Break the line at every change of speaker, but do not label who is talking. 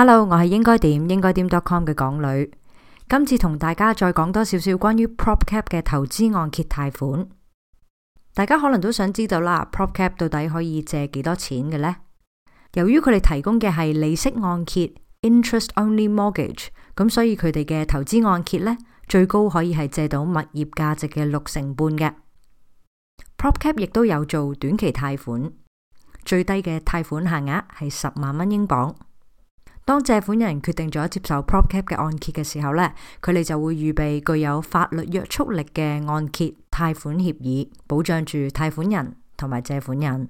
Hello，我係應該點應該點 .com 嘅港女，今次同大家再講多少少關於 PropCap 嘅投資按揭貸款。大家可能都想知道啦，PropCap 到底可以借幾多錢嘅呢？由於佢哋提供嘅係利息按揭 （interest-only mortgage），咁所以佢哋嘅投資按揭呢，最高可以係借到物業價值嘅六成半嘅。PropCap 亦都有做短期貸款，最低嘅貸款限額係十萬蚊英鎊。當借款人決定咗接受 prop cap 嘅按揭嘅時候呢，佢哋就會預備具有法律約束力嘅按揭貸款協議，保障住貸款人同埋
借款人。